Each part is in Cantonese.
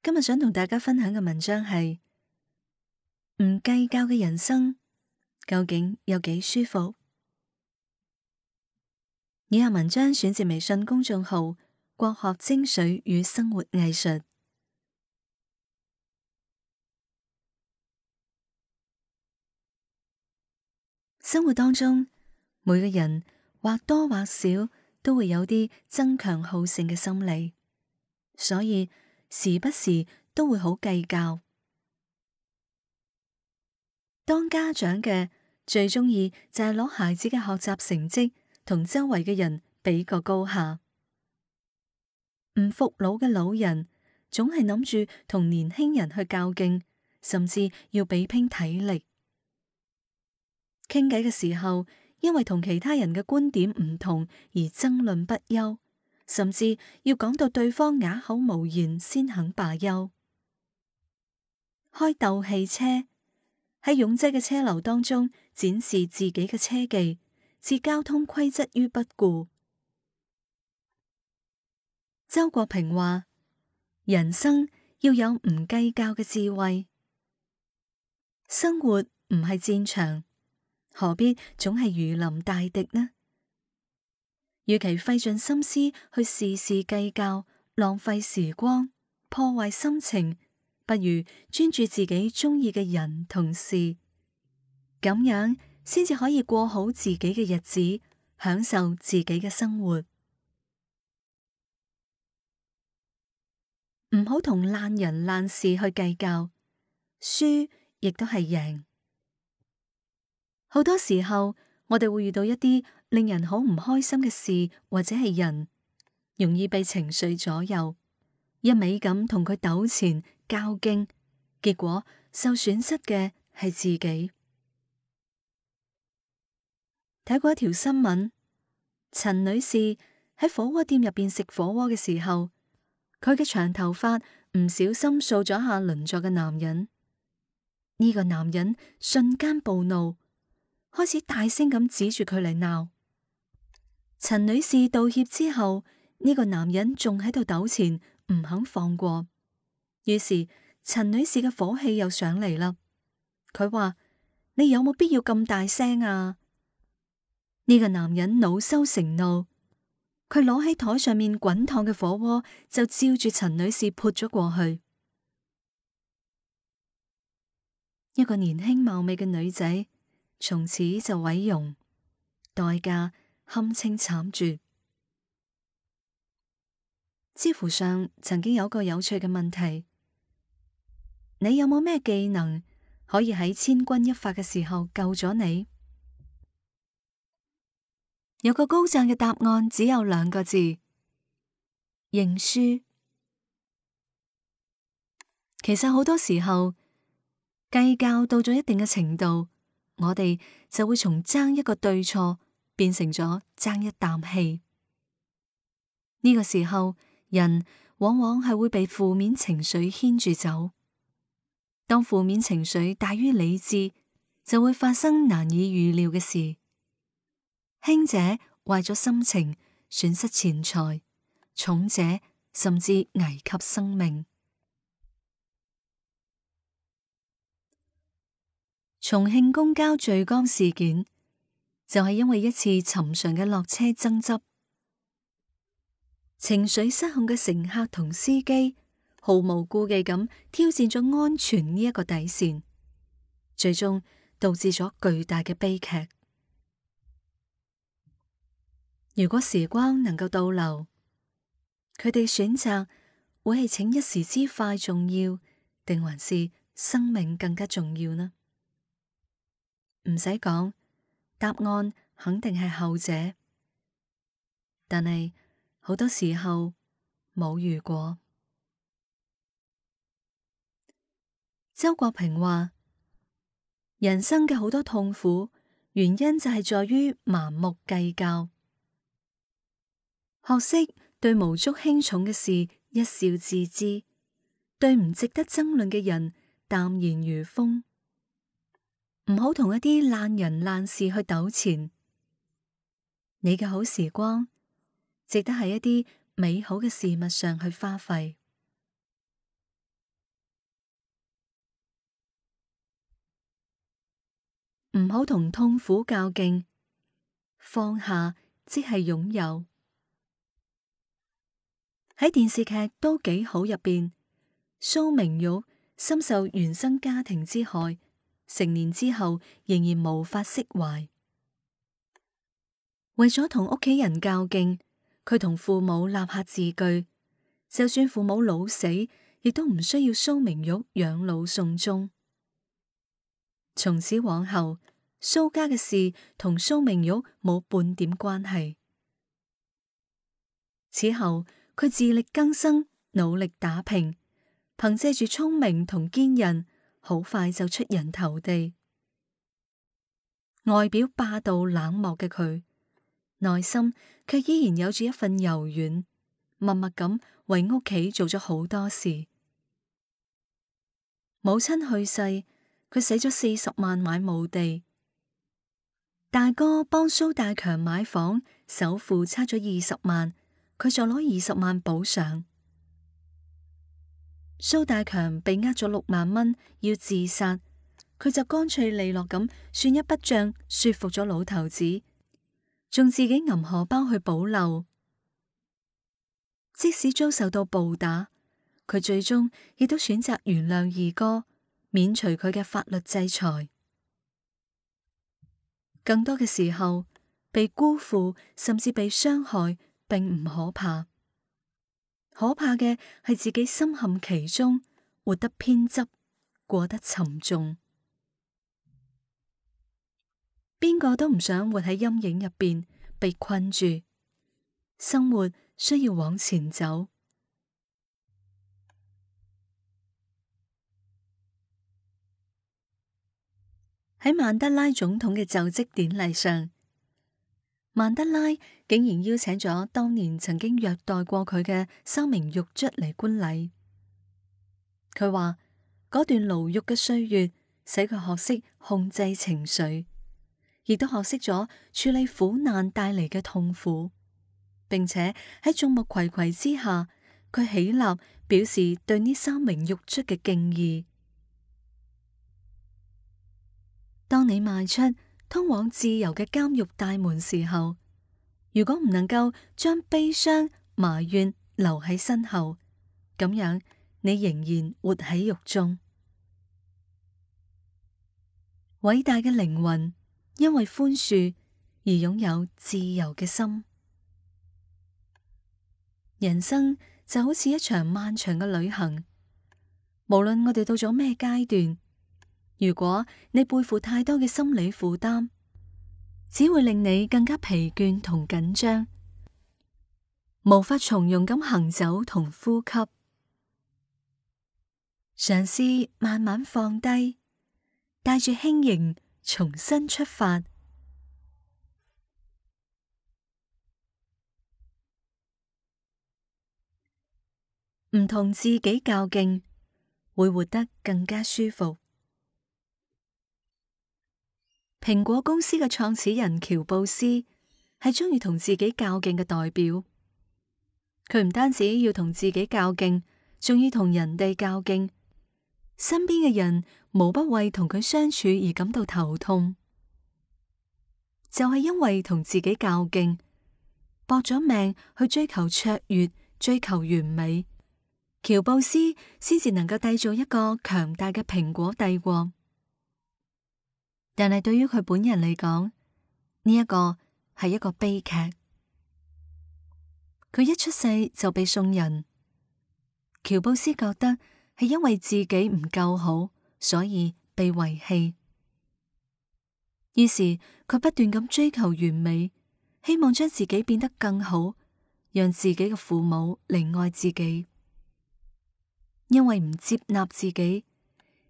今日想同大家分享嘅文章係唔計較嘅人生究竟有幾舒服？以下文章選自微信公眾號《國學精髓與生活藝術》。生活當中，每個人或多或少都會有啲爭強好勝嘅心理，所以，時不時都會好計較。當家長嘅最鍾意就係攞孩子嘅學習成績同周圍嘅人比個高下。唔服老嘅老人總係諗住同年輕人去較勁，甚至要比拼體力。傾偈嘅時候，因為同其他人嘅觀點唔同而爭論不休。甚至要講到對方啞口無言先肯罷休。開鬥氣車，喺擁擠嘅車流當中展示自己嘅車技，置交通規則於不顧。周國平話：人生要有唔計較嘅智慧，生活唔係戰場，何必總係如臨大敵呢？與其費盡心思去事事計較，浪費時光，破壞心情，不如專注自己中意嘅人同事，咁樣先至可以過好自己嘅日子，享受自己嘅生活。唔好同爛人爛事去計較，輸亦都係贏。好多時候我哋會遇到一啲。令人好唔開心嘅事或者係人，容易被情緒左右，一味咁同佢糾纏較勁，結果受損失嘅係自己。睇過一條新聞，陳女士喺火鍋店入邊食火鍋嘅時候，佢嘅長頭髮唔小心掃咗下鄰座嘅男人，呢個男人瞬間暴怒，開始大聲咁指住佢嚟鬧。陳女士道歉之後，呢個男人仲喺度糾纏，唔肯放過。於是陳女士嘅火氣又上嚟啦。佢話：你有冇必要咁大聲啊？呢個男人惱羞成怒，佢攞喺台上面滾燙嘅火鍋就照住陳女士潑咗過去。一個年輕貌美嘅女仔，從此就毀容，代價。堪稱慘絕。知乎上曾經有個有趣嘅問題：你有冇咩技能可以喺千鈞一發嘅時候救咗你？有個高讚嘅答案只有兩個字：認輸。其實好多時候計較到咗一定嘅程度，我哋就會從爭一個對錯。變成咗爭一啖氣，呢、這個時候人往往係會被負面情緒牽住走。當負面情緒大於理智，就會發生難以預料嘅事。輕者壞咗心情損失錢財，重者甚至危及生命。重慶公交墜江事件。就係因為一次尋常嘅落車爭執，情緒失控嘅乘客同司機毫無顧忌咁挑戰咗安全呢一個底線，最終導致咗巨大嘅悲劇。如果時光能夠倒流，佢哋選擇會係逞一時之快重要，定還是生命更加重要呢？唔使講。答案肯定係後者，但係好多時候冇遇過。周國平話：人生嘅好多痛苦，原因就係在於盲目計較。學識對無足輕重嘅事一笑置之，對唔值得爭論嘅人淡然如風。唔好同一啲爛人爛事去糾纏，你嘅好時光值得喺一啲美好嘅事物上去花費。唔好同痛苦較勁，放下即係擁有。喺電視劇都幾好入邊，蘇明玉深受原生家庭之害。成年之後仍然無法釋懷，為咗同屋企人較勁，佢同父母立下字據，就算父母老死，亦都唔需要蘇明玉養老送終。從此往後，蘇家嘅事同蘇明玉冇半點關係。此後，佢自力更生，努力打拼，憑借住聰明同堅韌。好快就出人頭地，外表霸道冷漠嘅佢，內心卻依然有住一份柔軟，默默咁為屋企做咗好多事。母親去世，佢使咗四十萬買墓地，大哥幫蘇大強買房，首付差咗二十萬，佢就攞二十萬補償。蘇大強被呃咗六萬蚊，要自殺，佢就乾脆利落咁算一筆賬，說服咗老頭子，仲自己銀荷包去保留。即使遭受到暴打，佢最終亦都選擇原諒二哥，免除佢嘅法律制裁。更多嘅時候，被辜負，甚至被傷害，並唔可怕。可怕嘅係自己深陷其中，活得偏執，過得沉重。邊個都唔想活喺陰影入邊，被困住。生活需要往前走。喺曼德拉總統嘅就職典禮上，曼德拉。竟然邀請咗當年曾經虐待過佢嘅三名獄卒嚟觀禮。佢話嗰段牢獄嘅歲月，使佢學識控制情緒，亦都學識咗處理苦難帶嚟嘅痛苦，並且喺眾目睽睽之下，佢起立表示對呢三名獄卒嘅敬意。當你邁出通往自由嘅監獄大門時候，如果唔能夠將悲傷、埋怨，留喺身後，咁樣你仍然活喺獄中。偉大嘅靈魂因為寬恕而擁有自由嘅心。人生就好似一場漫長嘅旅行，無論我哋到咗咩階段，如果你背負太多嘅心理負擔。只會令你更加疲倦同緊張，無法從容咁行走同呼吸。嘗試慢慢放低，帶住輕盈，重新出發。唔同自己較勁，會活得更加舒服。蘋果公司嘅創始人喬布斯係鍾意同自己較勁嘅代表，佢唔單止要同自己較勁，仲要同人哋較勁，身邊嘅人無不為同佢相處而感到頭痛。就係因為同自己較勁，搏咗命去追求卓越，追求完美，喬布斯先至能夠締造一個強大嘅蘋果帝國。但係對於佢本人嚟講，呢一個係一個悲劇。佢一出世就被送人。喬布斯覺得係因為自己唔夠好，所以被遺棄。於是佢不斷咁追求完美，希望將自己變得更好，讓自己嘅父母嚟愛自己。因為唔接納自己，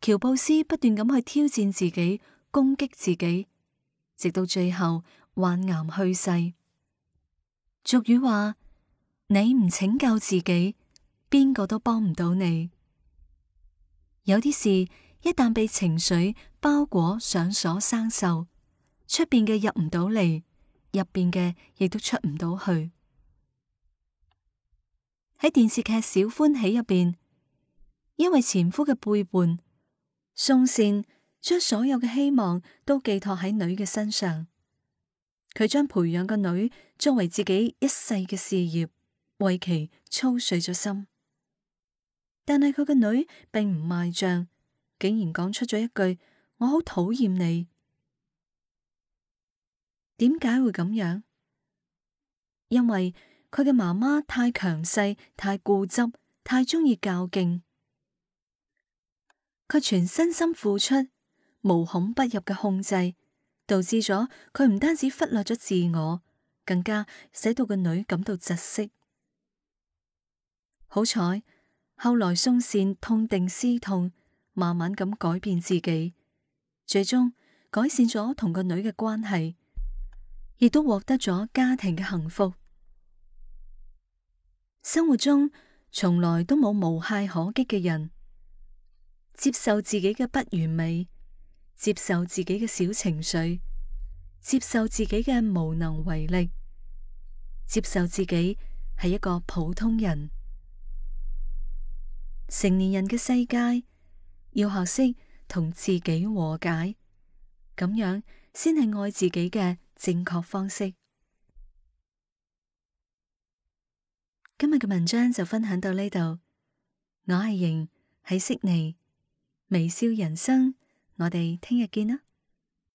喬布斯不斷咁去挑戰自己。攻擊自己，直到最後患癌去世。俗語話：你唔拯救自己，邊個都幫唔到你。有啲事，一旦被情緒包裹上鎖生鏽，出邊嘅入唔到嚟，入邊嘅亦都出唔到去。喺電視劇《小歡喜》入邊，因為前夫嘅背叛，宋倩。將所有嘅希望都寄託喺女嘅身上，佢將培養個女作為自己一世嘅事業，為其操碎咗心。但係佢個女並唔賣賬，竟然講出咗一句：我好討厭你。點解會咁樣？因為佢嘅媽媽太強勢、太固執、太中意較勁，佢全身心付出。無孔不入嘅控制，導致咗佢唔單止忽略咗自我，更加使到個女感到窒息。好彩，後來宋善痛定思痛，慢慢咁改變自己，最終改善咗同個女嘅關係，亦都獲得咗家庭嘅幸福。生活中從來都冇無懈可擊嘅人，接受自己嘅不完美。接受自己嘅小情緒，接受自己嘅無能為力，接受自己係一個普通人。成年人嘅世界，要學識同自己和解，咁樣先係愛自己嘅正確方式。今日嘅文章就分享到呢度。我係瑩，喺悉尼微笑人生。我哋聽日見啦。